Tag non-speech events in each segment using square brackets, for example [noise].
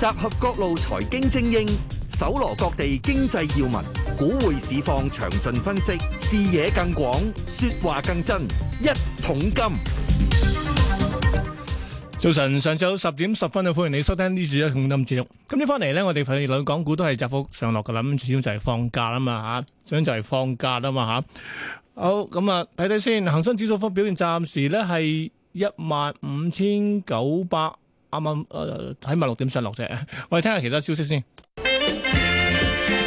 集合各路財經精英，搜羅各地經濟要聞，股匯市況詳盡分析，視野更廣，說話更真。一桶金，早晨，上晝十點十分，歡迎你收聽呢次一桶金節目。今日翻嚟咧，我哋份兩港股都係窄幅上落噶啦。咁至少就係放假啊嘛吓，所以就係放假啊嘛吓。好，咁啊睇睇先，恒生指數嘅表現暫時咧係一萬五千九百。啱啱誒喺埋六點上落啫，我哋聽下其他消息先。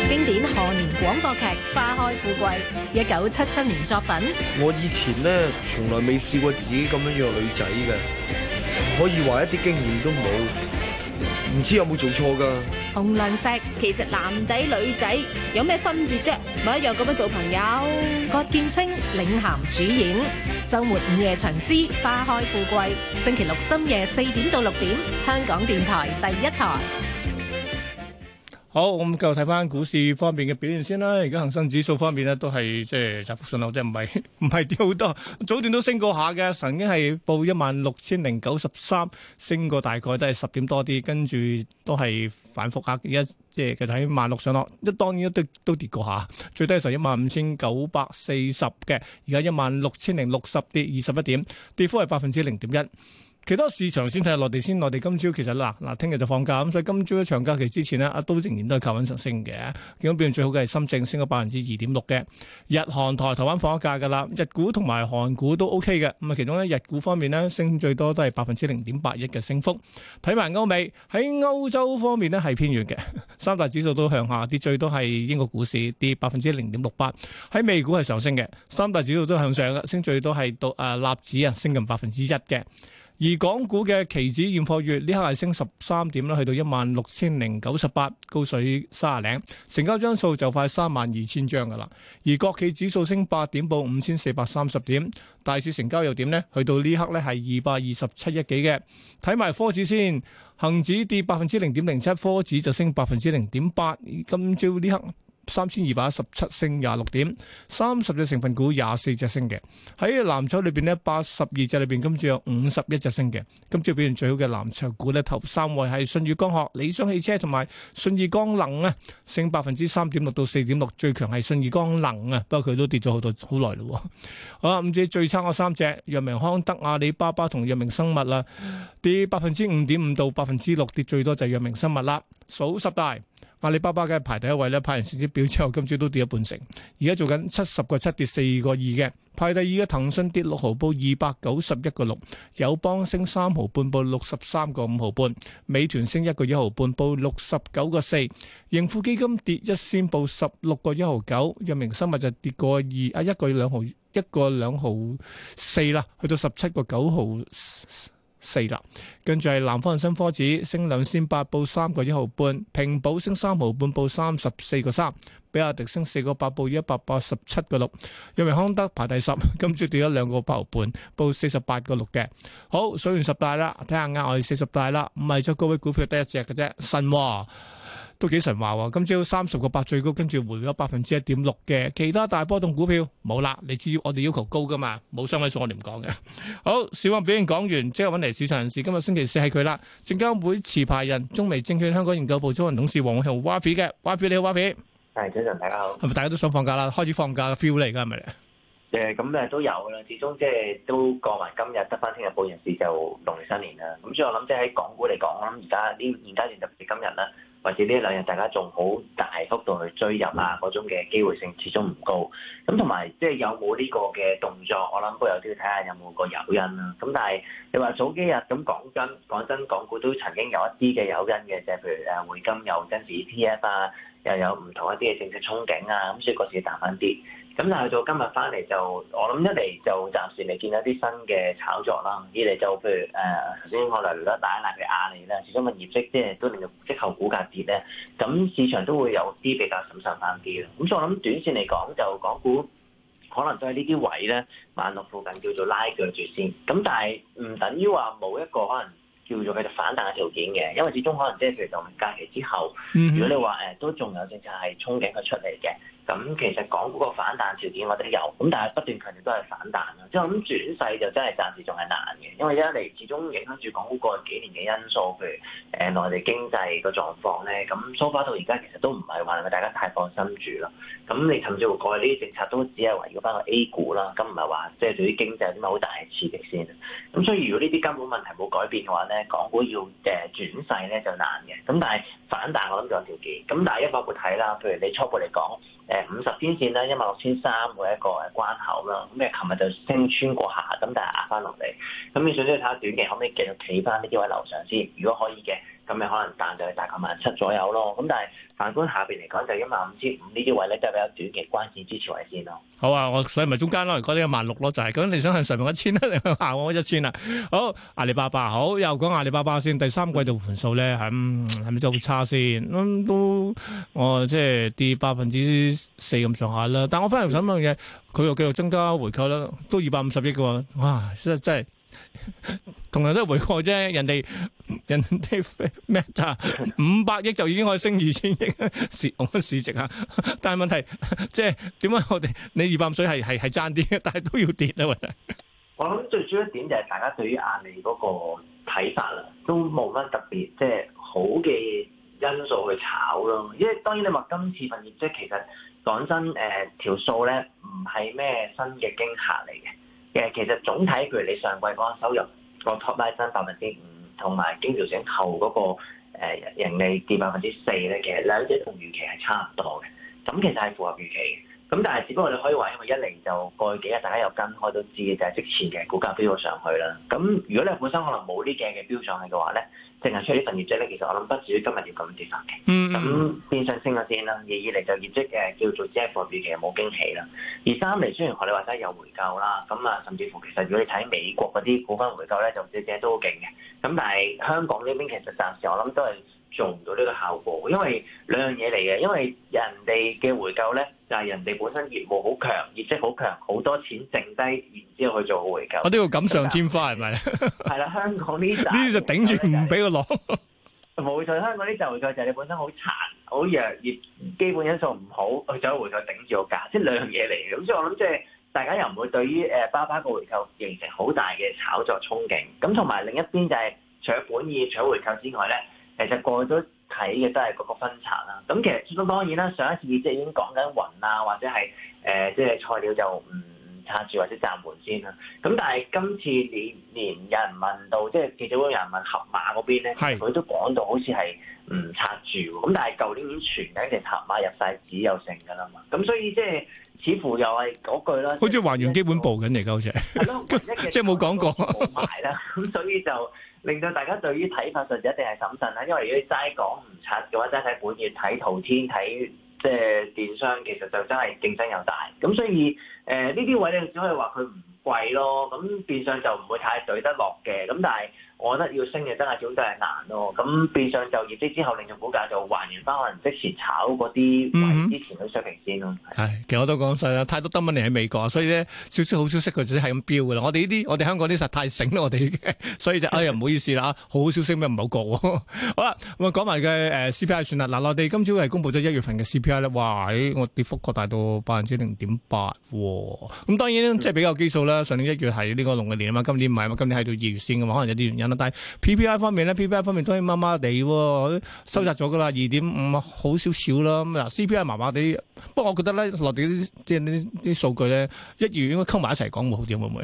經典賀年廣播劇《花開富貴》，一九七七年作品。我以前咧，從來未試過自己咁樣約女仔嘅，可以話一啲經驗都冇。唔知有冇做錯㗎？紅藍石其實男仔女仔有咩分別啫？咪一樣咁樣做朋友。郭建清，領銜主演，週末午夜長枝花開富貴，星期六深夜四點到六點，香港電台第一台。好，咁繼續睇翻股市方面嘅表現先啦。而家恒生指數方面呢，都係即係窄幅上落，即係唔係唔係跌好多。早段都升過下嘅，曾經係報一萬六千零九十三，升過大概都係十點多啲。跟住都係反覆下，而家即係其實喺萬六上落。一當然都都跌過下，最低時候一萬五千九百四十嘅，而家一萬六千零六十跌二十一點，跌幅係百分之零點一。其他市場先睇下內地先，內地今朝其實嗱嗱，聽日就放假咁，所以今朝嘅長假期之前呢，阿都仍然都係靠穩上升嘅。咁表現最好嘅係深證，升咗百分之二點六嘅。日韓台，台灣放咗假噶啦，日股同埋韓股都 O K 嘅。咁啊，其中咧日股方面呢，升最多都係百分之零點八一嘅升幅。睇埋歐美，喺歐洲方面呢，係偏弱嘅，三大指數都向下跌，最多係英國股市跌百分之零點六八。喺美股係上升嘅，三大指數都向上嘅，升最多係到誒納指啊，升近百分之一嘅。而港股嘅期指現貨月呢刻係升十三點啦，去到一萬六千零九十八，高水三十零，成交張數就快三萬二千張噶啦。而國企指數升八點，報五千四百三十點。大市成交又點呢？去到呢刻呢係二百二十七億幾嘅。睇埋科指先，恒指跌百分之零點零七，科指就升百分之零點八。今朝呢刻。三千二百一十七升廿六點，三十隻成分股廿四隻升嘅，喺藍籌裏邊呢，八十二隻裏邊今朝有五十一隻升嘅，今朝表現最好嘅藍籌股呢，頭三位係信義光學、理想汽車同埋信義光能呢，升百分之三點六到四點六，最強係信義光能啊，不過佢都跌咗好多好耐咯，好啦，咁即最差嗰三隻，藥明康德、阿里巴巴同藥明生物啦，跌百分之五點五到百分之六，跌最多就係藥明生物啦，數十大。阿里巴巴嘅排第一位咧，派完成績表之後，今朝都跌咗半成。而家做緊七十個七跌四個二嘅，排第二嘅騰訊跌六毫，報二百九十一個六。友邦升三毫半，報六十三個五毫半。美團升一個一毫半，報六十九個四。盈富基金跌一仙，報十六個一毫九。藥明生物就跌過二啊，一個兩毫一個兩毫四啦，去到十七個九毫。四啦，跟住係南方恒生科指升兩仙八，報三個一毫半；平保升三毫半，報三十四個三；比亞迪升四個八，報一百八十七個六。因為康德排第十，今朝跌咗兩個八毫半，報四十八個六嘅。好，數完十大啦，睇下額外四十大啦，唔係出高位股票得一隻嘅啫，神。都幾神話喎！今朝三十個八最高，跟住回咗百分之一點六嘅其他大波動股票冇啦。你知我哋要求高㗎嘛？冇三位數我哋唔講嘅。好，小王表現講完，即係揾嚟市場人士。今日星期四係佢啦，證監會持牌人中美證券香港研究部董事黃浩 Yapi，嘅 Yapi 你好，Yapi。係早晨，大家好。係咪大家都想放假啦？開始放假嘅 feel 嚟㗎，係咪？誒咁誒都有啦。始終即係都過埋今日，得翻聽日報人士就農曆新年啦。咁所以我諗即係喺港股嚟講，我諗而家呢現階段就唔係今日啦。或者呢一兩日大家仲好大幅度去追入啊，嗰種嘅機會性始終唔高。咁同埋即係有冇呢個嘅動作，我諗都有啲要睇下有冇個誘因啦。咁但係你話早幾日咁講真，講真，港股都曾經有一啲嘅誘因嘅，就係譬如誒匯金誘因 ETF 啊，又有唔同一啲嘅政策憧憬啊，咁所以嗰時要彈翻啲。咁但係到今日翻嚟就，我諗一嚟就暫時未見到啲新嘅炒作啦；二嚟就譬如誒頭先可能聊得大一粒嘅阿里啦，始終個業績即係都令到即後股價跌咧，咁市場都會有啲比較審慎返啲嘅。咁所以我諗短線嚟講，就港股可能都喺呢啲位咧，萬六附近叫做拉鋸住先。咁但係唔等於話冇一個可能叫做佢嘅反彈嘅條件嘅，因為始終可能即係譬如同假期之後，如果你話誒都仲有政策係憧憬佢出嚟嘅。咁其實港股個反彈條件我哋有，咁但係不斷強調都係反彈咯。即係我諗轉勢就真係暫時仲係難嘅，因為一嚟始終影響住港股過去幾年嘅因素，譬如誒內地經濟個狀況咧。咁 so far 到而家其實都唔係話係咪大家太放心住咯。咁你甚至乎過去呢啲政策都只係圍繞翻個 A 股啦，咁唔係話即係對於經濟有啲咩好大嘅刺激先。咁所以如果呢啲根本問題冇改變嘅話咧，港股要誒轉勢咧就難嘅。咁但係反彈我諗仲有條件，咁但係一步步睇啦。譬如你初步嚟講。誒五十天線咧，一萬六千三每一個關口啦，咁你琴日就升穿過下，咁但係壓翻落嚟，咁你想都睇下短期可唔可以繼續企翻呢啲位樓上先，如果可以嘅。咁你可能彈就係大概萬七左右咯，咁但係反觀下邊嚟講，就一萬五千五呢啲位咧，都係比較短期關鍵支持位先咯。好啊，我所以咪中間咯，果到一萬六咯，就係咁你想向上邊一千咧，你向下我一千啦。好，阿里巴巴好，又講阿里巴巴先，第三季度盤數咧，係咪仲差先？嗯、都我即係跌百分之四咁上下啦。但我反而想問嘅，佢又繼續增加回購啦，都二百五十億嘅喎。哇，真真係～ [laughs] 同樣都係回貨啫，人哋人哋咩啊？五百億就已經可以升二千億市市值啊！但係問題即係、就是、點解我哋你二百五水係係係爭啲但係都要跌啊！我諗最主要一點就係大家對於阿里嗰個睇法啦，都冇乜特別即係好嘅因素去炒咯。因為當然你話今次份業績即係其實講真誒條數咧，唔係咩新嘅驚嚇嚟嘅。嘅其實總體，譬如你上季嗰個收入 top、那個 top line 增百分之五，同埋經調整後嗰個誒盈利跌百分之四咧，其實兩者同預期係差唔多嘅，咁其實係符合預期嘅。咁但係，只不過你可以話，因為一嚟就過去幾日，大家有跟開都知嘅，就係即前嘅股價飈咗上去啦。咁如果你本身可能冇呢嘅嘅飈上去嘅話咧，淨係出呢份業績咧，其實我諗不至於今日要咁跌翻嘅。嗯咁、mm hmm. 變相升咗先啦。二二嚟就業績誒叫做即係放預期冇驚喜啦。而三嚟雖然學你話齋有回購啦，咁啊甚至乎其實如果你睇美國嗰啲股份回購咧，就唔知只都好勁嘅。咁但係香港呢邊其實暫時我諗都係。做唔到呢個效果，因為兩樣嘢嚟嘅。因為人哋嘅回購咧，就係、是、人哋本身業務好強，業績好強，好多錢剩低，然之後去做好回購。我都要錦上添花，係咪、就是？係啦， [laughs] 香港呢 [laughs] 就呢就頂住唔俾佢落。冇錯，香港呢，就回購就係你本身好殘好弱，業基本因素唔好去走回購，頂住個價，即係兩樣嘢嚟嘅。咁所以我諗，即係大家又唔會對於誒巴巴個回購形成好大嘅炒作憧憬。咁同埋另一邊就係除咗本意除咗回購之外咧。其實過去都睇嘅都係嗰個分拆啦，咁其實都當然啦，上一次即係已經講緊雲啊，或者係誒、呃、即係菜鳥就唔拆住或者暫緩先啦。咁但係今次連連人問到，即係記者會人問盒馬嗰邊咧，佢是都講到好似係唔拆住，咁但係舊年已經傳緊隻盒馬入晒紙又成噶啦嘛。咁所以即係似乎又係嗰句啦，好似還原基本步緊嚟㗎，好似係，是實即係冇講過冇賣啦，咁所以就。令到大家對於睇法上就一定係審慎啦，因為如果齋講唔拆嘅話，齋睇本月睇淘天睇即係電商，其實就真係競爭又大，咁所以誒呢啲位咧，只可以話佢唔。貴咯，咁變相就唔會太對得落嘅。咁但係，我覺得要升嘅真係始終都係難咯。咁變相就業績之後，令到股價就還原翻可能即時炒嗰啲，之前嗰啲水平先咯。係，其實我都講曬啦，太多德文尼喺美國，所以咧少少好消息佢就係咁飆噶啦。我哋呢啲，我哋香港啲實太醒啦，我哋嘅，所以就哎呀唔好意思啦嚇，好消息咩唔好講喎。好啦，我講埋嘅誒 CPI 算啦。嗱，內地今朝係公布咗一月份嘅 CPI 咧，哇！誒，我跌幅擴大到百分之零點八喎。咁當然咧，即係比較基數啦。上年一月係呢個農曆年啊嘛，今年唔係嘛，今年喺到二月先噶嘛，可能有啲原因啦。但係 P P I 方面咧，P P I 方面都係麻麻地，收集咗噶啦，二點五啊，好少少啦。嗱、嗯、C P I 麻麻地，不過我覺得咧， [noise] 落地啲即係呢啲數據咧，一月應該溝埋一齊講會好啲，會唔會？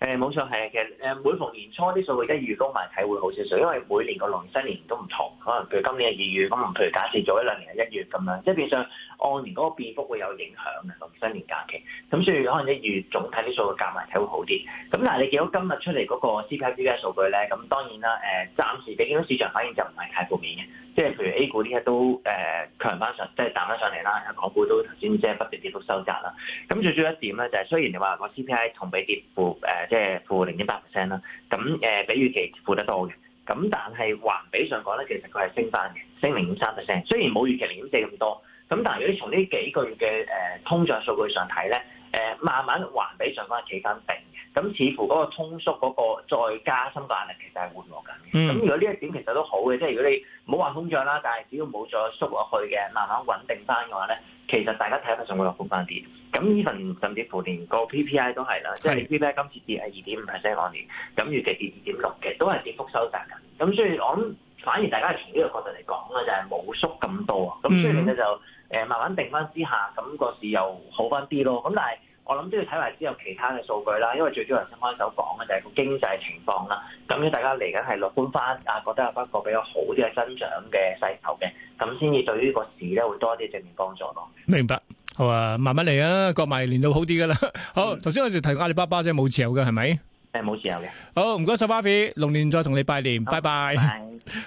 誒冇、嗯、錯，係啊，其實誒每逢年初啲數據一月夾埋睇會好少少，因為每年個農曆新年都唔同，可能譬如今年係二月，咁譬如假設早一兩年係一月咁樣，即係變相按年嗰個變幅會有影響嘅農曆新年假期，咁所以可能一月總體啲數,數據夾埋睇會好啲。咁但係，你見到今日出嚟嗰個 CPI 嘅數據咧，咁當然啦，誒、呃、暫時嘅點樣市場反應就唔係太負面嘅，即係譬如 A 股呢都誒、呃、強翻上，即係彈翻上嚟啦，港股都頭先即係不斷跌幅收窄啦。咁最主要一點咧就係雖然你話個 CPI 同比跌幅即係負零點八 percent 啦，咁、啊、誒比預期負得多嘅，咁但係環比上講咧，其實佢係升翻嘅，升零點三 percent，雖然冇預期零點四咁多，咁但係如果你從呢幾個月嘅誒通脹數據上睇咧。誒、嗯、慢慢還俾上翻嘅企穩定咁，似乎嗰個通縮嗰個再加深化壓力，其實係緩和緊嘅。咁、嗯、如果呢一點其實都好嘅，即係如果你唔好話通脹啦，但係只要冇再縮落去嘅，慢慢穩定翻嘅話咧，其實大家睇法仲會樂觀翻啲。咁依份甚至乎連個 PPI 都係啦，是即你 PPI 今次跌係二點五 percent 按年，咁預期跌二點六嘅，都係跌幅收窄嘅。咁所以我諗反而大家從呢個角度嚟講，就係、是、冇縮咁多。咁所以你咧就。嗯誒，慢慢定翻之下，咁個市又好翻啲咯。咁但係我諗都要睇埋之後其他嘅數據啦，因為最主要頭先開手講嘅就係、是、個經濟情況啦。咁如大家嚟緊係樂觀翻，啊覺得有返個比較好啲嘅增長嘅勢頭嘅，咁先至對於個市咧會多啲正面幫助咯。明白，好啊，慢慢嚟啊，國米連到好啲噶啦。 [laughs] 好，頭先、嗯、我哋提過阿里巴巴即係冇持有嘅係咪？誒，冇時候嘅。好，唔該晒，巴比，龍年再同你拜年，okay，拜拜。係拜。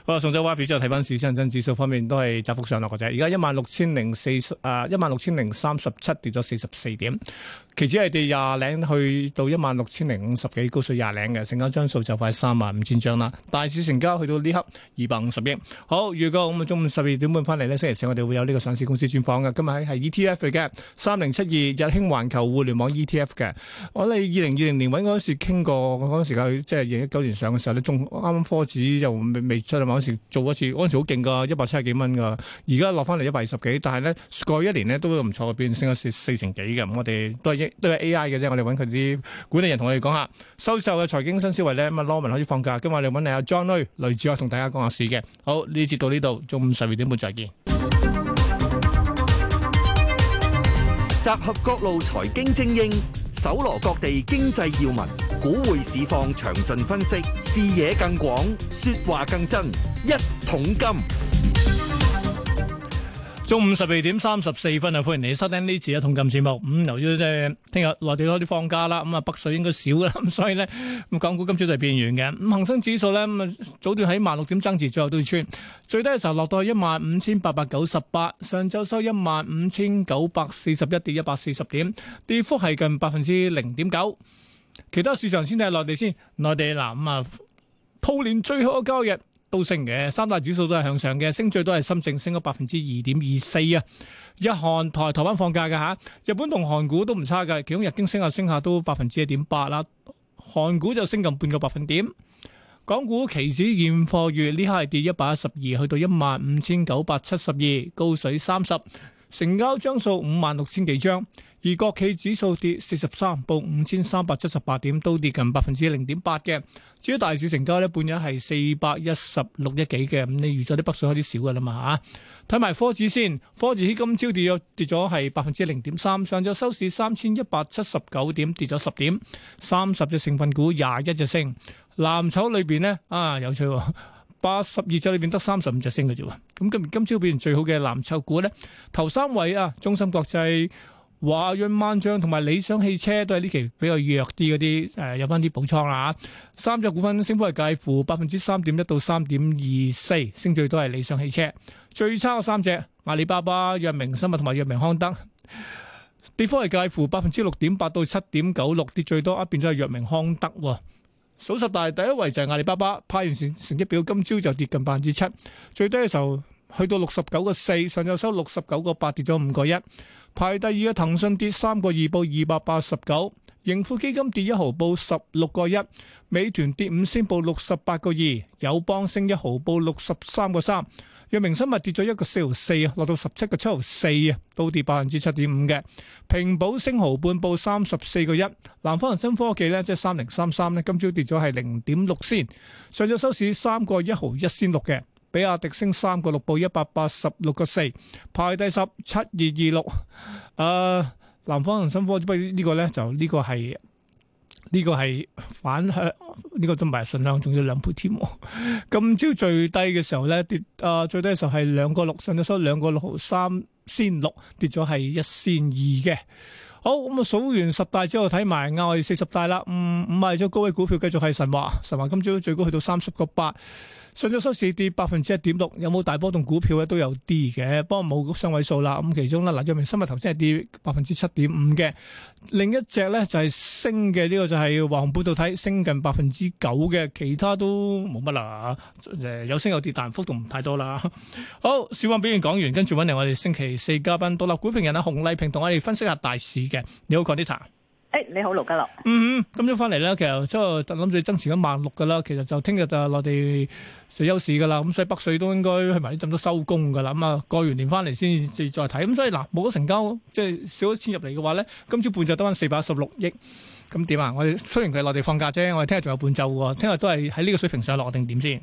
好，送走巴比，再睇翻市，恒生指數方面，都係窄幅上落嘅啫。而家一萬六千零四十，誒，一萬六千零三十七，跌咗四十四點。其次係第廿零去到一萬六千零五十幾，高水廿零嘅，成交張數就快三萬五千張啦，大市成交去到呢刻二百五十億。好，預告咁啊，中午十二點半翻嚟呢。星期四我哋會有呢個上市公司專訪嘅。今日喺係 ETF 嚟嘅三零七二日興環球互聯網 ETF 嘅。我哋二零二零年揾嗰陣時傾過，嗰時間即係二零一九年上嘅時候呢，中啱啱科指就未，未出嚟，買嗰時做一次，嗰陣時好勁噶，一百七十幾蚊噶，而家落翻嚟一百二十幾，但係咧過一年呢都唔錯嘅，變升咗四成幾嘅。我哋都係。都係 A. I. 嘅啫，我哋揾佢啲管理人同我哋講下收市嘅財經新思維咧。咁啊，Lawman 開始放假，今日我哋揾你阿 John 呢，來自同大家講下事嘅好呢節到呢度，中午十二點半再見。集合各路財經精英，搜羅各地經濟要聞，股匯市況詳盡分析，視野更廣，說話更真，一桶金。中午十二點三十四分啊，歡迎嚟收聽呢次嘅桶金節目。咁由於即係聽日內地多啲放假啦，咁啊北水應該少啦，咁所以咧，咁港股今朝就係變軟嘅。咁恒生指數咧，咁啊早段喺萬六點爭持，最後都要穿最低嘅時候落到去一萬五千八百九十八，上周收一萬五千九百四十一，跌一百四十點，跌幅係近百分之零點九。其他市場先睇下內地先，內地嗱，咁啊兔年最後一個交易，都升嘅，三大指數都係向上嘅，升最多係深圳，升咗百分之二點二四啊！日韓台台灣放假嘅吓，日本同韓股都唔差嘅，其中日經升下升下都百分之一點八啦，韓股就升近半個百分點。港股期指現貨月呢下係跌一百一十二，去到一萬五千九百七十二，高水三十，成交張數五萬六千幾張。而國企指數跌四十三，報五千三百七十八點，都跌近百分之零點八嘅。至於大市成交咧，半日係四百一十六億幾嘅。咁你預咗啲北水開始少噶啦嘛嚇？睇埋科指先，科指今朝跌咗，跌咗係百分之零點三，上晝收市三千一百七十九點，跌咗十點，三十隻成分股廿一隻升。藍籌裏邊呢，啊有趣喎、哦，八十二隻裏邊得三十五隻升嘅啫。咁今今朝表現最好嘅藍籌股咧，頭三位啊，中芯國際。華潤萬象同埋理想汽車都係呢期比較弱啲嗰啲，誒、呃、有翻啲補倉啦。三隻股份升幅係介乎百分之三點一到三點二四，升最多係理想汽車。最差嘅三隻，阿里巴巴、藥明生物同埋藥明康德，跌幅係介乎百分之六點八到七點九六，跌最多啊變咗係藥明康德。數十大第一位就係阿里巴巴，派完成成績表，今朝就跌近百分之七，最低嘅時候去到六十九個四，上晝收六十九個八，跌咗五個一。排第二嘅騰訊跌三個二，報二百八十九；盈富基金跌一毫，報十六個一；美團跌五仙，報六十八個二；友邦升一毫，報六十三個三；藥明生物跌咗一個四毫四啊，落到十七個七毫四啊，都跌百分之七點五嘅；平保升毫半，報三十四個一；南方恒生科技咧，即係三零三三咧，今朝跌咗係零點六仙，上咗收市三個一毫一仙六嘅。比亞迪升三個六，報一百八十六個四，排低十七二二六。誒，南方恒生科不技、呢個、呢、呢個咧就呢個係呢個係反向，呢、呃呢個都唔係純量，仲要兩倍添。 [laughs] 今朝最低嘅時候咧跌，誒、呃、最低嘅時候係兩個六，上咗收兩個六三先六，跌咗係一先二嘅。好咁啊、嗯，數完十大之後睇埋我四十大啦，唔唔係咗高位股票，繼續係神華，神華今朝最高去到三十個八。上咗收市跌百分之一點六，有冇大波動？股票咧都有啲嘅，不過冇雙位數啦。咁其中咧，嗱藥明生物投資係跌百分之七點五嘅，另一隻咧就係、是、升嘅呢、這個就係華虹半導體升近百分之九嘅，其他都冇乜啦。有升有跌，但係幅度唔太多啦。好，小溫表現講完，跟住揾嚟我哋星期四嘉賓獨立股評人啊洪麗平同我哋分析下大市嘅。你好 Carlyta。誒、哎，你好盧家樂，嗯哼，今朝翻嚟咧，其實即係諗住增持咗萬六噶啦，其實就聽日就內地休市噶啦，咁所以北水都應該去埋啲咁多收工噶啦，咁啊過完年翻嚟先至再睇，咁所以嗱冇咗成交，即、就、係、是、少咗錢入嚟嘅話咧，今朝半就得翻四百一十六億，咁點啊？我哋雖然佢係內地放假啫，我哋聽日仲有半晝喎，聽日都係喺呢個水平上落定點先。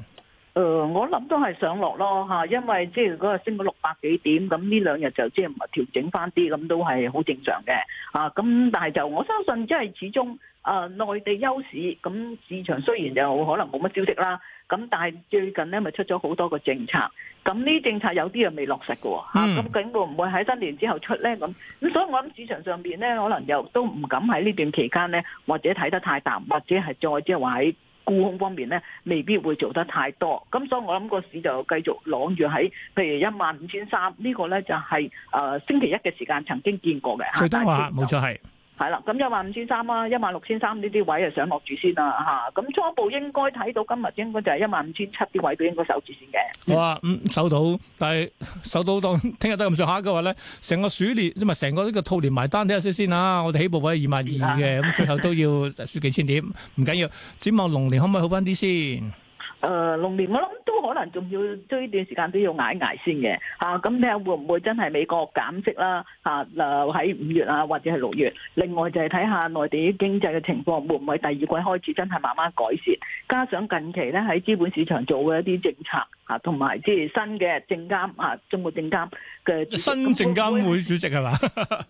誒， [noise] 我諗都係上落咯嚇，因為即係如果係升到六百幾點，咁呢兩日就即係唔係調整翻啲，咁都係好正常嘅嚇。咁但係就我相信，即係始終誒內地休市，咁市場雖然就可能冇乜消息啦。咁但係最近咧咪出咗好多個政策，咁呢政策有啲又未落實嘅喎嚇。咁 [noise] 究竟、啊、會唔會喺新年之後出咧？咁咁所以我諗市場上邊咧，可能又都唔敢喺呢段期間咧，或者睇得太淡，或者係再即係話喺。沽空方面咧，未必會做得太多，咁所以我諗個市就繼續攏住喺譬如一萬五千三呢個咧、就是，就係誒星期一嘅時間曾經見過嘅。最丹話：冇錯係。係啦，咁一萬五千三啦，一萬六千三呢啲位啊，16，位想落住先啦，啊、嚇。咁初步應該睇到今日應該就係一萬五千七啲位，都應該守住先嘅。係，嗯、啊，守，嗯、到，但係守到到聽日都咁上下嘅話咧，成個鼠年即係咪成個呢個兔年埋單睇下先先啊！我哋起步位二萬二嘅，咁 [laughs] 最後都要輸幾千點，唔緊要，展望龍年可唔可以好翻啲先。誒龍、呃、年我諗都可能仲要追一段時間都要挨挨先嘅嚇。咁睇下會唔會真係美國減息啦，嚇，嗱，喺五月啊，或者係六月，另外就係睇下內地經濟嘅情況會唔會第二季開始真係慢慢改善，加上近期咧，喺資本市場做嘅一啲政策。同埋即係新嘅證監啊，中國證監嘅新證監會主席係嘛？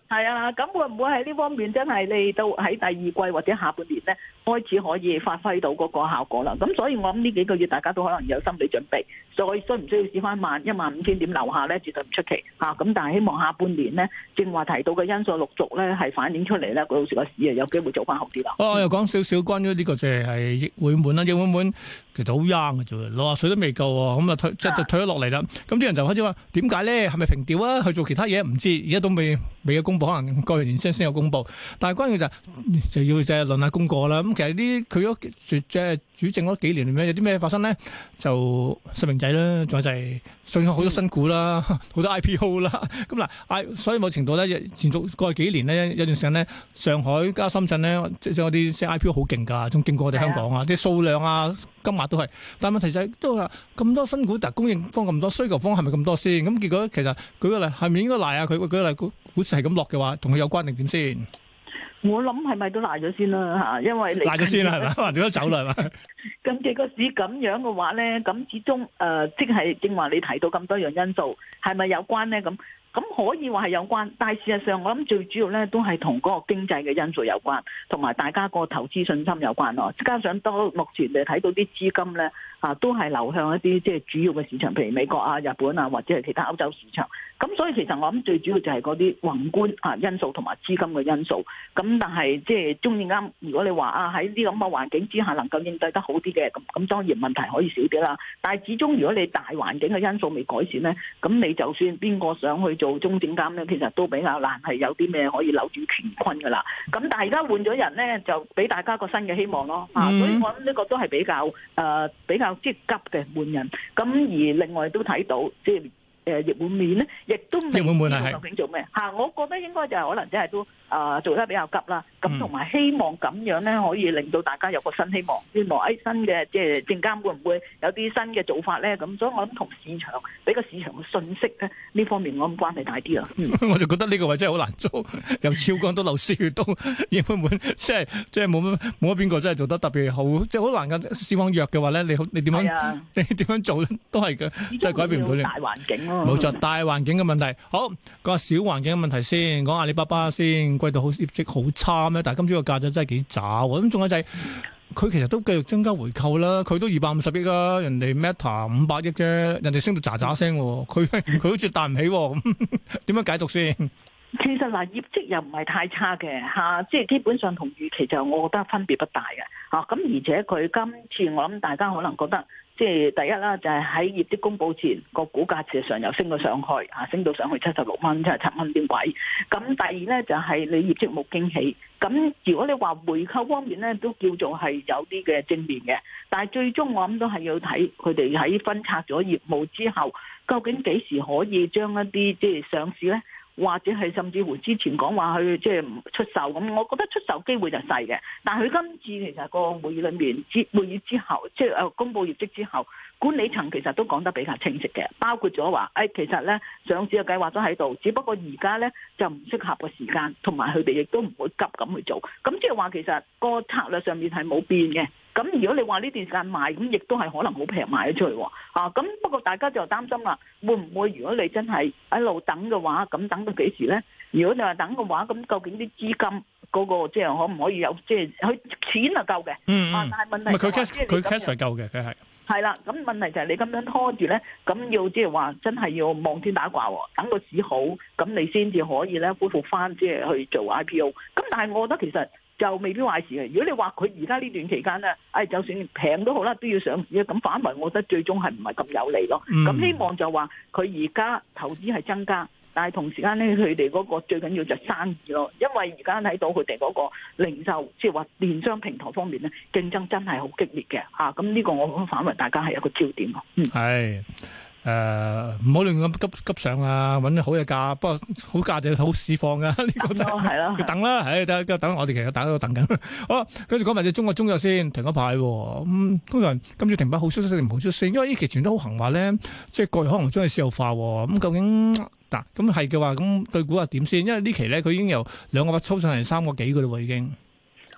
係 [laughs] 啊，咁會唔會喺呢方面真係你到喺第二季或者下半年咧開始可以發揮到嗰個效果啦？咁所以我諗呢幾個月大家都可能有心理準備，所以需唔需要試翻萬一萬五千點樓下咧絕對唔出奇嚇。咁、啊、但係希望下半年咧正話提到嘅因素陸續咧係反映出嚟咧，到時個市啊有機會做翻好啲啦。哦、啊，又講少少關於呢個即係易會滿啦，易會滿其實好 young 嘅啫，六啊歲都未夠咁。就就退咗落嚟啦，咁啲人就開始話：點解咧？係咪平調啊？去做其他嘢？唔知，而家都未未有公布，可能過完年先先有公布。但係關鍵就就要即係論下功過啦。咁其實呢，佢咗即係主政嗰幾年咧，有啲咩發生咧？就實名制啦，再就係上咗好多新股啦，好多 IPO 啦。咁嗱，I 所以某程度咧，持續過去幾年咧，有段時間咧，上海加深圳咧，即係嗰啲些 IPO 好勁噶，仲經過我哋香港啊，啲數量啊。今日都係，但問題就係都係咁多新股特供應方咁多，需求方係咪咁多先？咁結果其實舉個例，係咪應該賴啊佢？舉個例，股股市係咁落嘅話，同佢有關定點先？我諗係咪都賴咗先啦吓，因為你賴咗先啦係嘛，或者走啦係嘛？咁幾個市咁樣嘅話咧，咁始終誒，即係正話你提到咁多樣因素，係咪有關咧？咁。咁可以話係有關，但係事實上我諗最主要咧都係同嗰個經濟嘅因素有關，同埋大家個投資信心有關咯，加上都目前你睇到啲資金咧。啊，都係流向一啲即係主要嘅市場，譬如美國啊、日本啊，或者係其他歐洲市場。咁所以其實我諗最主要就係嗰啲宏觀啊因素同埋資金嘅因素。咁但係即係中證監，如果你話啊喺呢咁嘅環境之下能夠應對得好啲嘅，咁咁當然問題可以少啲啦。但係始終如果你大環境嘅因素未改善咧，咁你就算邊個想去做中證監咧，其實都比較難係有啲咩可以扭轉乾坤嘅啦。咁但係而家換咗人咧，就俾大家個新嘅希望咯。啊，嗯、所以我諗呢個都係比較誒比較，呃比較即係急嘅換人，咁而另外都睇到，即係誒熱門面咧，亦都熱門門係究竟做咩？吓？我覺得應該就係可能真係都。啊，做得比較急啦，咁同埋希望咁樣咧，可以令到大家有個新希望，希望喺新嘅即係證監會唔會有啲新嘅做法咧，咁所以我諗同市場俾個市場嘅信息咧，呢方面我諗關係大啲咯。我就覺得呢個位真係好難做，又超過到流血嘅刀，會唔會即係即係冇乜冇乜邊個真係做得特別好，即係好難噶。市況弱嘅話咧，你好你點樣你點樣做咧都係嘅，都係改變唔到大環境咯。冇錯，大環境嘅問題好個小環境嘅問題先，講阿里巴巴先。季度好業績好差咩？但係今朝個價值真係幾渣喎！咁仲有就係、是、佢其實都繼續增加回購啦，佢都二百五十億啦，人哋 Meta 五百億啫，人哋升到喳喳聲，佢佢好似彈唔起咁，點 [laughs] 樣解讀先？其實嗱，業績又唔係太差嘅嚇，即係基本上同預期就我覺得分別不大嘅嚇，咁而且佢今次我諗大家可能覺得。即係第一啦，就係喺業績公佈前個股價事實上又升到上去，啊升到上去七十六蚊、七十七蚊點鬼？咁第二咧就係你業績冇驚喜。咁如果你話回購方面咧，都叫做係有啲嘅正面嘅。但係最終我諗都係要睇佢哋喺分拆咗業務之後，究竟幾時可以將一啲即係上市咧？或者係甚至乎之前講話佢即係唔出售咁，我覺得出售機會就細嘅。但係佢今次其實個會議裡面之會議之後，即係誒公佈業績之後，管理層其實都講得比較清晰嘅，包括咗話誒，其實咧上市嘅計劃都喺度，只不過而家咧就唔適合個時間，同埋佢哋亦都唔會急咁去做。咁即係話其實個策略上面係冇變嘅。咁如果你話呢段時間賣，咁亦都係可能好平賣咗出去，啊！咁不過大家就擔心啦，會唔會如果你真係一路等嘅話，咁等到幾時咧？如果你話等嘅話，咁究竟啲資金嗰個即係可唔可以有即係佢錢啊夠嘅，嗯嗯，但係問題唔係佢 cash 佢 cash 係夠嘅，佢係係啦，咁問題就係你咁樣拖住咧，咁要即係話真係要望天打卦，等個市好，咁你先至可以咧恢復翻即係去做 IPO。咁但係我覺得其實。就未必壞事嘅。如果你話佢而家呢段期間咧，唉、哎，就算平都好啦，都要上市，咁反為我覺得最終係唔係咁有利咯。咁、嗯、希望就話佢而家投資係增加，但係同時間咧，佢哋嗰個最緊要就係生意咯。因為而家睇到佢哋嗰個零售，即係話電商平台方面咧，競爭真係好激烈嘅。吓、啊，咁呢個我反為大家係一個焦點咯。嗯，係、哎。誒，唔好亂咁急急上啊！揾啲好嘅價，不過好價就好市況嘅呢個就，係咯，等啦，唉，等等我哋其實大家都等緊。 [laughs] 好，跟住講埋隻中國中藥先，停咗排咁通常今次停牌好消息定唔好消息？因為呢期全都好行話咧，即係個人可能中意私有化咁、啊嗯，究竟嗱咁係嘅話，咁對估下點先？因為期呢期咧，佢已經由兩個八抽上嚟三個幾噶啦，已經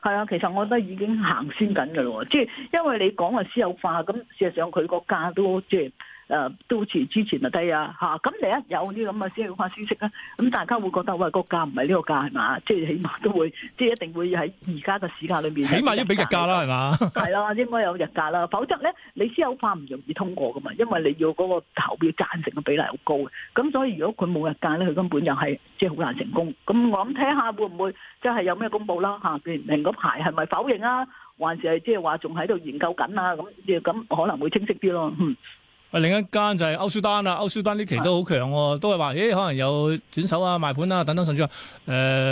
係啊。其實我覺得已經行先緊噶啦，即係因為你講話私有化，咁事實上佢個價都即係。誒都好似之前啊低啊嚇，咁你一有啲咁嘅私有化消息咧，咁大家會覺得喂，個價唔係呢個價係嘛？即係起碼都會，即係一定會喺而家嘅市價裏面起碼要俾日價啦係嘛？係啦，應該有日價啦，否則咧你私有化唔容易通過嘅嘛，因為你要嗰個投票贊成嘅比例好高嘅，咁所以如果佢冇日價咧，佢根本又係即係好難成功。咁我諗睇下會唔會即係有咩公佈啦嚇？連嗰排係咪否認啊，還是係即係話仲喺度研究緊啊？咁即係咁可能會清晰啲咯。另一間就係歐舒丹啊，歐舒丹呢期都好強喎、哦，都係話，咦，可能有轉手啊、賣盤啊等等甚至係誒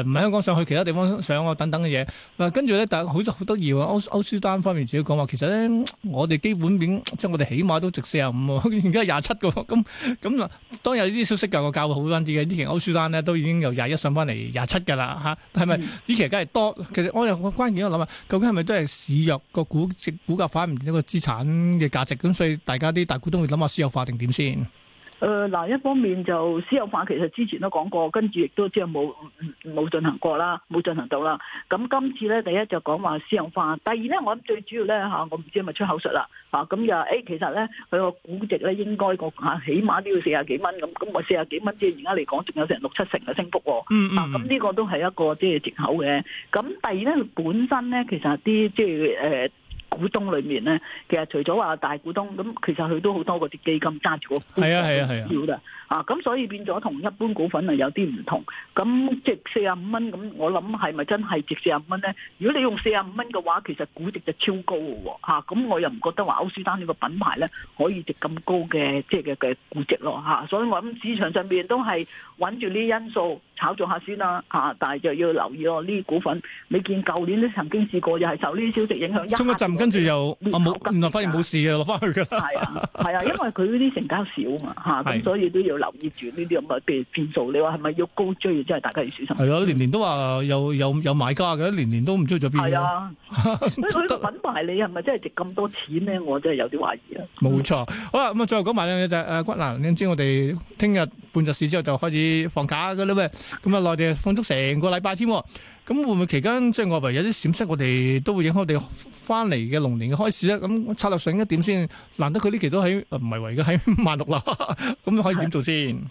唔喺香港上去，去其他地方上啊等等嘅嘢、呃。跟住咧，但係好就好得意喎，歐歐舒丹方面自己講話，其實咧，我哋基本面即係我哋起碼都值四十五喎，而家廿七個，咁咁當有呢啲消息教我教會好翻啲嘅，呢期歐舒丹呢都已經由廿一上翻嚟廿七㗎啦嚇，係咪呢期梗係多？其實我又關鍵我諗下，究竟係咪都係市弱個估值估價反映一個資產嘅價值？咁所以大家啲大股東會。諗下私有化定點先。誒嗱、呃，一方面就私有化，其實之前都講過，跟住亦都即係冇冇進行過啦，冇進行到啦。咁今次咧，第一就講話私有化，第二咧，我諗最主要咧嚇、啊，我唔知係咪出口術啦嚇。咁又誒，其實咧佢個估值咧應該個嚇，起碼都要四十幾蚊咁，咁我四十幾蚊啫。而家嚟講，仲有成六七成嘅升幅。嗯咁呢、嗯啊嗯、個都係一個即係藉口嘅。咁第二咧，本身咧其實啲即係誒。呃股東裏面咧，其實除咗話大股東，咁其實佢都好多嗰啲基金揸住個股票啦，啊，咁所以變咗同一般股份啊有啲唔同。咁值四十五蚊，咁我諗係咪真係值四十五蚊咧？如果你用四十五蚊嘅話，其實估值就超高嘅喎，嚇！咁我又唔覺得話歐舒丹呢個品牌咧可以值咁高嘅即係嘅嘅估值咯，嚇！所以我諗市場上邊都係揾住呢啲因素炒作下先啦，嚇！但係就要留意咯，呢啲股份你見舊年都曾經試過，又係受呢啲消息影響一。跟住又，我冇，發現冇事嘅落翻去嘅。係啊，係啊，啊，啊，因為佢啲成交少啊嘛，吓、 [laughs] 啊，咁所以都要留意住呢啲咁嘅變變數。你話係咪要高追，真係大家要小心。係啊，年年都話有有有買家嘅，年年都唔追咗邊。係啊，所以佢品牌你係咪、 [laughs] 啊、真係值咁多錢咧？我真係有啲懷疑啊。冇錯、嗯，好啦，咁啊，最後講埋兩樣嘢就阿骨蘭，你知我哋聽日半日市之後就開始放假噶啦喂，咁啊，內、啊、地放足成個禮拜添。咁會唔會期間即係外圍有啲閃失，我哋都會影響我哋翻嚟嘅龍年嘅開市，咧？咁策略上應該點先？難得佢呢期都喺唔係圍嘅喺萬六啦，咁、呃、 [laughs] 可以點做先？誒、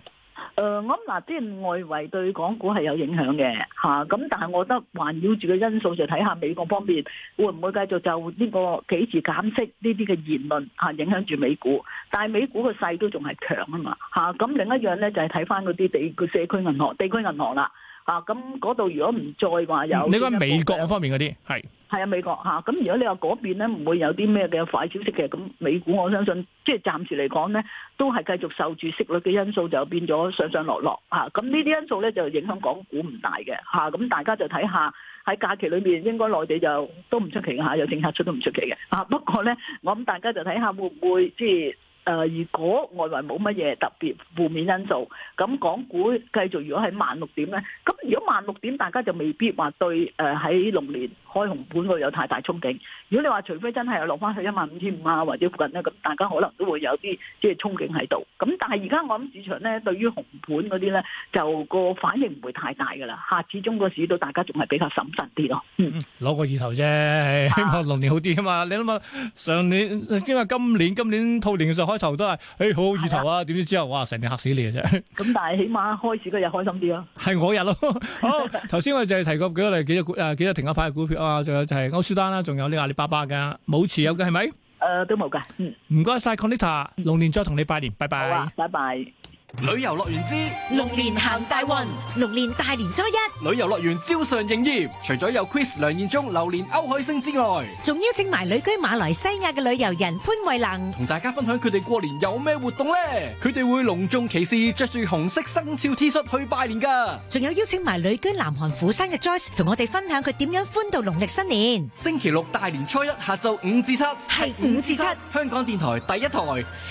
呃，我諗嗱，啲外圍對港股係有影響嘅吓，咁、啊、但係我覺得環繞住嘅因素就睇下美國方面會唔會繼續就呢個幾時減息呢啲嘅言論吓影響住美股，但係美股個勢都仲係強啊嘛吓，咁另一樣咧就係睇翻嗰啲地個社區銀行、地區銀行啦。啊，咁嗰度如果唔再話有，有，你講美國方面嗰啲，係係啊美國嚇，咁、啊、如果你話嗰邊咧唔會有啲咩嘅快消息嘅，咁美股我相信即係暫時嚟講咧，都係繼續受住息率嘅因素就變咗上上落落嚇，咁呢啲因素咧就影響港股唔大嘅嚇，咁、啊、大家就睇下喺假期裏面應該內地就都唔出奇嚇、啊，有政策出都唔出奇嘅，啊不過咧我諗大家就睇下會唔會即係。啊誒，如果外圍冇乜嘢特別負面因素，咁港股繼續如果喺萬六點咧，咁如果萬六點，大家就未必話對誒喺龍年開紅盤嗰有太大憧憬。如果你話除非真係落翻去一萬五千五啊，或者附近咧，咁大家可能都會有啲即係憧憬喺度。咁但係而家我諗市場咧，對於紅盤嗰啲咧，就個反應唔會太大㗎啦嚇。始終個市都大家仲係比較審慎啲咯。嗯，攞個意頭啫，希望龍年好啲啊嘛。你諗下，上年因為今年今年兔年嘅時候。開頭都係，誒，好，好意頭啊！點的知之後，哇，成日嚇死你嘅啫。咁 [laughs] 但係起碼開始嗰日開心啲咯。係我日咯。好，頭先 [laughs] 我淨係提過幾多嚟，幾隻誒，幾隻停一牌嘅股票啊，仲有就係歐舒丹啦，仲有呢阿里巴巴嘅，冇持有嘅係咪？誒、呃，都冇噶。嗯。唔該晒，Conita，n 龍年再同你拜年，拜拜，好啊、拜拜。旅遊樂園之龍年行大運，龍年大年初一，旅遊樂園照常營業。除咗有 Chris、梁彥忠、榴槤、歐海星之外，仲邀請埋旅居馬來西亞嘅旅遊人潘慧能，同大家分享佢哋過年有咩活動呢？佢哋會隆重其事，着住紅色生肖 T 恤去拜年噶。仲有邀請埋旅居南韓釜山嘅 Joyce，同我哋分享佢點樣歡度農曆新年。星期六大年初一下晝五至七，係五至七。香港電台第一台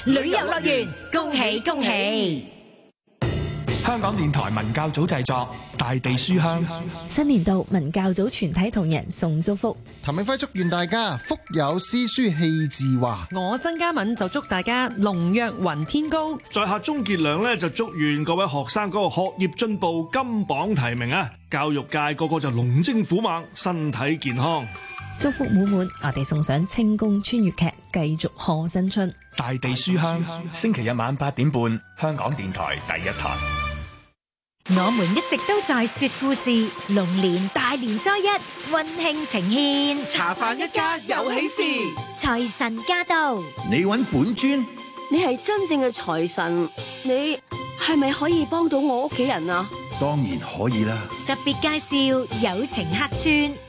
旅遊樂園。恭喜恭喜！香港電台文教組製作《大地書香》。新年度文教組全體同仁送祝福。譚永輝祝願大家福有詩書氣自華。我曾嘉敏就祝大家龍躍雲天高。在下鍾傑良呢就祝願各位學生嗰個學業進步，金榜題名啊！教育界個個就龍精虎猛，身體健康。祝福滿滿，我哋送上清宮穿越劇，繼續賀新春。大地書香，書香星期日晚八點半，香港電台第一台。我們一直都在說故事。龍年大年初一，溫馨呈現。茶飯一家有喜事，財神駕到。你揾本尊，你係真正嘅財神，你係咪可以幫到我屋企人啊？當然可以啦。特別介紹友情客串。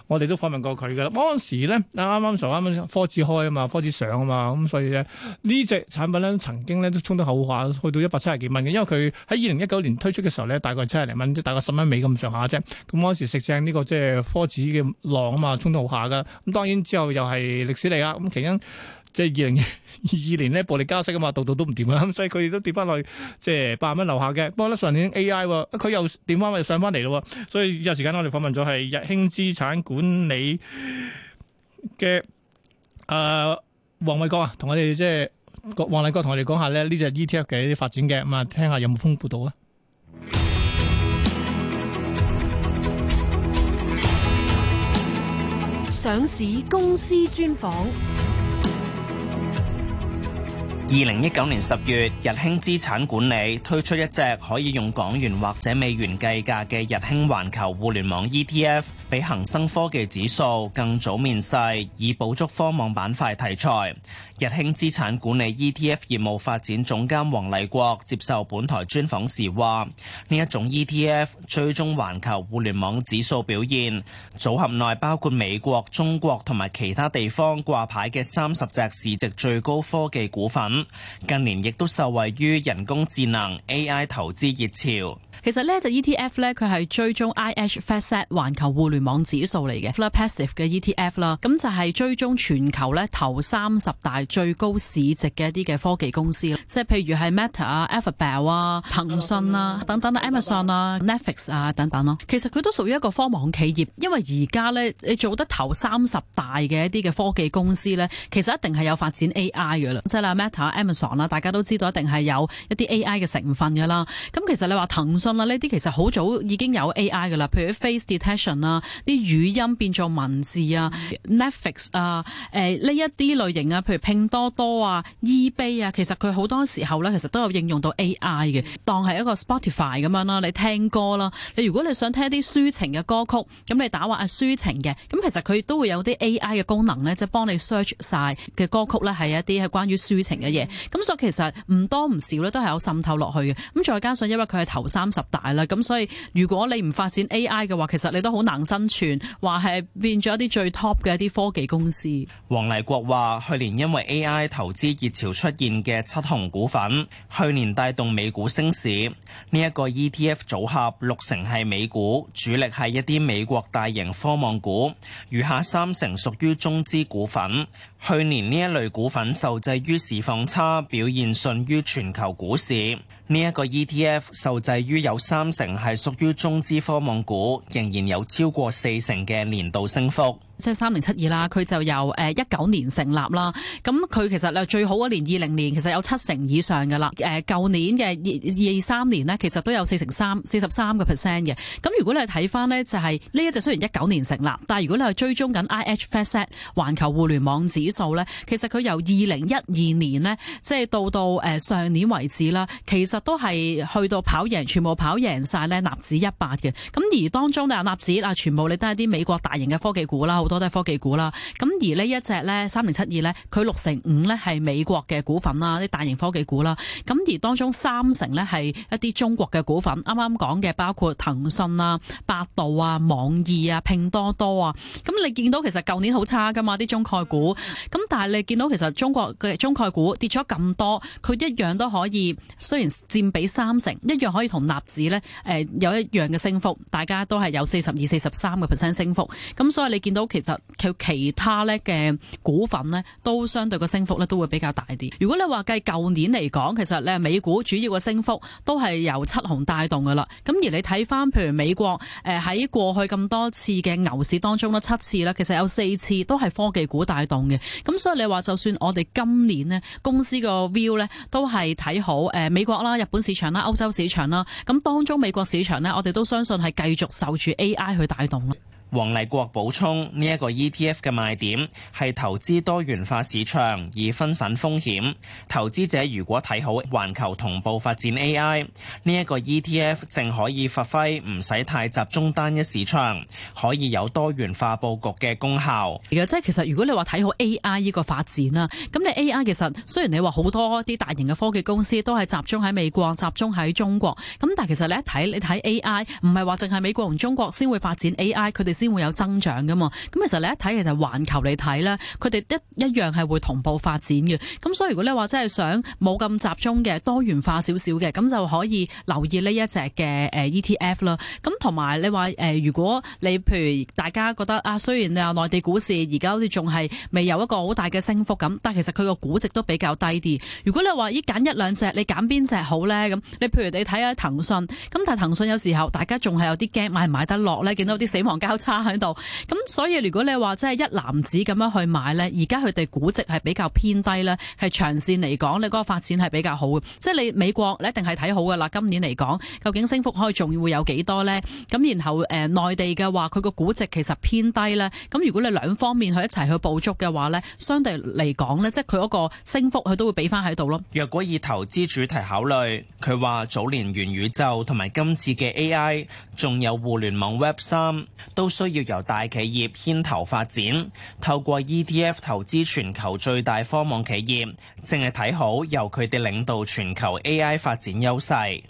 我哋都訪問過佢嘅啦，嗰陣時咧，啱啱上啱啱科指開啊嘛，科指上啊嘛，咁所以咧呢隻產品咧曾經咧都衝得好下，去到一百七十幾蚊嘅，因為佢喺二零一九年推出嘅時候咧，大概七十零蚊，即係大概十蚊尾咁上下啫。咁嗰陣時食正呢個即係科指嘅浪啊嘛，衝得好下嘅。咁當然之後又係歷史嚟啦。咁其因。即係二零二二年咧，暴力加息啊嘛，度度都唔掂啊，咁所以佢亦都跌翻落去，即係八萬蚊樓下嘅。不過咧上年 AI，佢又跌翻，又上翻嚟咯。所以有時間我哋訪問咗係日興資產管理嘅誒、呃、黃偉國啊，同我哋即係黃偉國同我哋講下咧呢隻 ETF 嘅一啲發展嘅，咁啊聽下有冇豐富到啊？上市公司專訪。二零一九年十月，日興資產管理推出一隻可以用港元或者美元計價嘅日興環球互聯網 ETF。比恒生科技指數更早面世，以捕捉科網板塊題材。日興資產管理 ETF 業務發展總監黃麗國接受本台專訪時話，呢一種 ETF 追蹤環球互聯網指數表現，組合內包括美國、中國同埋其他地方掛牌嘅三十隻市值最高科技股份，近年亦都受惠於人工智能 AI 投資熱潮。其實呢就 ETF 咧，佢係追蹤 IH Facet 環球互聯網指數嚟嘅 f l 啦，passive 嘅 ETF 啦，咁就係追蹤全球咧頭三十大最高市值嘅一啲嘅科技公司，即係譬如係 Meta 啊、Alphabet 啊、騰訊啊等等、Amazon 啊、Netflix 啊等等咯。其實佢都屬於一個科網企業，因為而家咧你做得頭三十大嘅一啲嘅科技公司咧，其實一定係有發展 AI 嘅啦，即係 Meta、Amazon 啦，大家都知道一定係有一啲 AI 嘅成分嘅啦。咁其實你話騰訊呢啲其實好早已經有 AI 嘅啦，譬如 face detection 啊，啲語音變做文字啊、嗯、Netflix 啊、呃，誒呢一啲類型啊，譬如拼多多啊、eBay 啊，其實佢好多時候咧，其實都有應用到 AI 嘅，當係一個 Spotify 咁樣啦，你聽歌啦，你如果你想聽一啲抒情嘅歌曲，咁你打話抒情嘅，咁其實佢都會有啲 AI 嘅功能咧，即係幫你 search 晒嘅歌曲咧係一啲係關於抒情嘅嘢，咁、嗯、所以其實唔多唔少咧都係有滲透落去嘅，咁再加上因為佢係頭三大啦，咁所以如果你唔發展 AI 嘅話，其實你都好難生存。話係變咗一啲最 top 嘅一啲科技公司。黃麗國話：去年因為 AI 投資熱潮出現嘅七雄股份，去年帶動美股升市。呢、這、一個 ETF 組合六成係美股，主力係一啲美國大型科網股，餘下三成屬於中資股份。去年呢一類股份受制於市況差，表現遜於全球股市。呢一個 ETF 受制於有三成係屬於中資科網股，仍然有超過四成嘅年度升幅。即係三零七二啦，佢就由誒一九年成立啦。咁佢其實最好嗰年二零年，其實有七成以上嘅啦。誒，舊年嘅二二三年呢，其實都有四成三，四十三個 percent 嘅。咁如果你睇翻呢，就係呢一隻雖然一九年成立，但係如果你係追蹤緊 ICE FactSet 環球互聯網指數呢，其實佢由二零一二年呢，即係到到誒上年為止啦，其實都係去到跑贏，全部跑贏晒呢納指一百嘅。咁而當中咧納指啊，全部你都係啲美國大型嘅科技股啦。多都係科技股啦，咁而呢一隻咧三零七二咧，佢六成五咧係美國嘅股份啦，啲大型科技股啦，咁而當中三成咧係一啲中國嘅股份，啱啱講嘅包括騰訊啊、百度啊、網易啊、拼多多啊，咁你見到其實舊年好差噶嘛啲中概股，咁但係你見到其實中國嘅中概股跌咗咁多，佢一樣都可以，雖然佔比三成，一樣可以同納指咧誒有一樣嘅升幅，大家都係有四十二、四十三個 percent 升幅，咁所以你見到。其實佢其他咧嘅股份咧，都相對個升幅咧都會比較大啲。如果你話計舊年嚟講，其實咧美股主要嘅升幅都係由七雄帶動噶啦。咁而你睇翻譬如美國誒喺過去咁多次嘅牛市當中咧，七次啦，其實有四次都係科技股帶動嘅。咁所以你話就算我哋今年咧公司個 view 咧都係睇好誒美國啦、日本市場啦、歐洲市場啦。咁當中美國市場呢，我哋都相信係繼續受住 AI 去帶動啦。黃麗國補充：呢、這、一個 ETF 嘅賣點係投資多元化市場以分散風險。投資者如果睇好環球同步發展 AI，呢一個 ETF 正可以發揮唔使太集中單一市場，可以有多元化佈局嘅功效。即係其實如果你話睇好 AI 呢個發展啦，咁你 AI 其實雖然你話好多啲大型嘅科技公司都係集中喺美國，集中喺中國，咁但其實一你一睇你睇 AI，唔係話淨係美國同中國先會發展 AI，佢哋先會有增長噶嘛？咁其實你一睇其實環球你睇啦，佢哋一一樣係會同步發展嘅。咁所以如果你話真係想冇咁集中嘅多元化少少嘅，咁就可以留意呢一隻嘅誒 ETF 啦。咁同埋你話誒、呃，如果你譬如大家覺得啊，雖然你話內地股市而家好似仲係未有一個好大嘅升幅咁，但其實佢個估值都比較低啲。如果你話依揀一兩隻，你揀邊隻好咧？咁你譬如你睇下騰訊，咁但係騰訊有時候大家仲係有啲驚買唔買得落咧，見到啲死亡交叉，喺度，咁所以如果你話即係一籃子咁樣去買呢，而家佢哋估值係比較偏低呢。係長線嚟講，你嗰個發展係比較好，即係你美國你一定係睇好㗎喇。今年嚟講，究竟升幅可以仲會有幾多呢？咁然後誒，內地嘅話，佢個估值其實偏低呢。咁如果你兩方面去一齊去捕捉嘅話呢，相對嚟講呢，即係佢嗰個升幅，佢都會俾翻喺度咯。若果以投資主題考慮，佢話早年元宇宙同埋今次嘅 AI，仲有互聯網 Web 三都。需要由大企業牽頭發展，透過 ETF 投資全球最大科網企業，淨係睇好由佢哋領導全球 AI 發展優勢。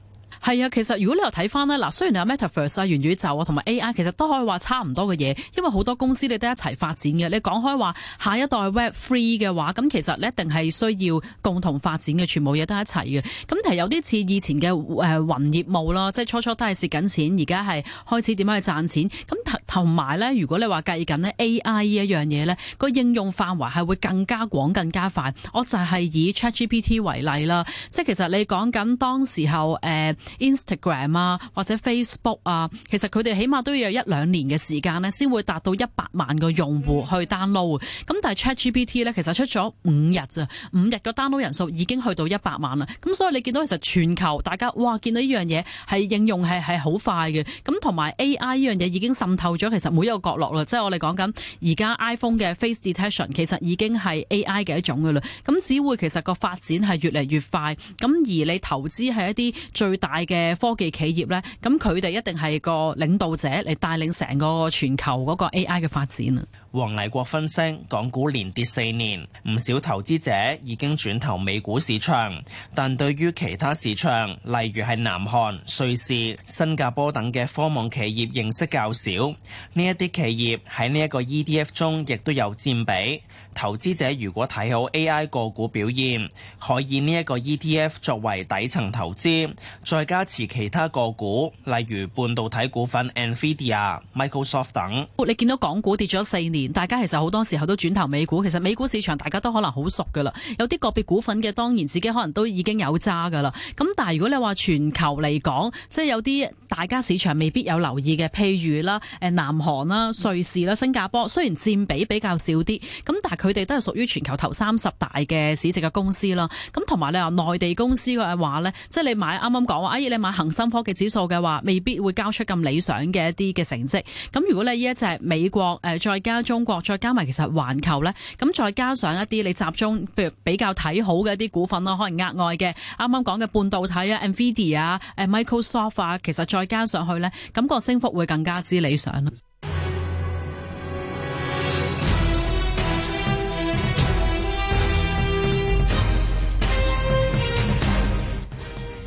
係啊，其實如果你又睇翻呢，嗱，雖然你有 MetaVerse 元宇宙啊同埋 AI，其實都可以話差唔多嘅嘢，因為好多公司你都一齊發展嘅。你講開話下一代 Web Three 嘅話，咁其實你一定係需要共同發展嘅，全部嘢都一齊嘅。咁其實有啲似以前嘅誒雲業務咯，即係初初都係蝕緊錢，而家係開始點樣去賺錢咁。同埋咧，如果你話計緊呢 A I 呢一樣嘢咧，個應用範圍係會更加廣、更加快。我就係以 Chat G P T 為例啦，即係其實你講緊當時候誒、呃、Instagram 啊或者 Facebook 啊，其實佢哋起碼都要有一兩年嘅時間咧，先會達到一百萬個用戶去 download。咁但係 Chat G P T 咧，其實出咗五日咋，五日個 download 人數已經去到一百萬啦。咁所以你見到其實全球大家哇，見到呢樣嘢係應用係係好快嘅。咁同埋 A I 呢樣嘢已經滲透咗，其實每一個角落啦，即係我哋講緊而家 iPhone 嘅 face detection，其實已經係 AI 嘅一種㗎喇。咁只會其實個發展係越嚟越快，咁而你投資喺一啲最大嘅科技企業咧，咁佢哋一定係個領導者嚟帶領成個全球嗰個 AI 嘅發展啊。黃麗國分析，港股連跌四年，唔少投資者已經轉投美股市場。但對於其他市場，例如係南韓、瑞士、新加坡等嘅科網企業認識較少。呢一啲企業喺呢一個 ETF 中亦都有佔比。投資者如果睇好 AI 個股表現，可以以呢一個 ETF 作為底層投資，再加持其他個股，例如半導體股份 NVIDIA、Microsoft 等。你見到港股跌咗四年，大家其實好多時候都轉投美股。其實美股市場大家都可能好熟㗎喇，有啲個別股份嘅當然自己可能都已經有揸㗎喇。咁但係如果你話全球嚟講，即係有啲大家市場未必有留意嘅，譬如啦，誒南韓啦、瑞士啦、新加坡，雖然佔比比較少啲，咁但佢哋都係屬於全球頭三十大嘅市值嘅公司啦。咁同埋你話，內地公司嘅話咧，即係你買啱啱講話，哎，你買恒生科技指數嘅話，未必會交出咁理想嘅一啲嘅成績。咁如果你呢一隻美國誒，再加中國，再加埋其實環球咧，咁再加上一啲你集中，譬如比較睇好嘅一啲股份咯，可能額外嘅啱啱講嘅半導體啊，Nvidia 啊，Microsoft 啊，其實再加上去咧，感覺升幅會更加之理想。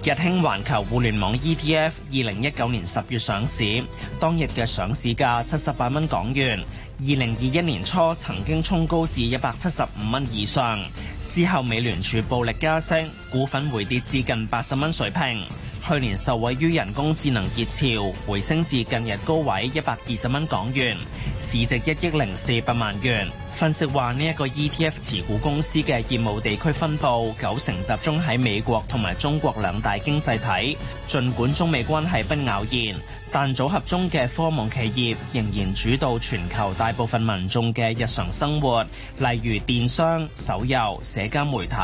日興環球互聯網 ETF 二零一九年十月上市，當日嘅上市價七十八蚊港元。二零二一年初曾經衝高至一百七十五蚊以上，之後美聯儲暴力加息，股份回跌至近八十蚊水平。去年受惠於人工智能熱潮，回升至近日高位一百二十蚊港元，市值一億零四百萬元。分析話呢一個 ETF 持股公司嘅業務地區分佈，九成集中喺美國同埋中國兩大經濟體，儘管中美關係不咬弦。但組合中嘅科網企業仍然主導全球大部分民眾嘅日常生活，例如電商、手遊、社交媒體、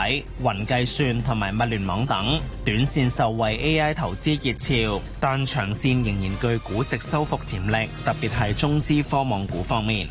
雲計算同埋物聯網等。短線受惠 AI 投資熱潮，但長線仍然具估值收復潛力，特別係中資科網股方面。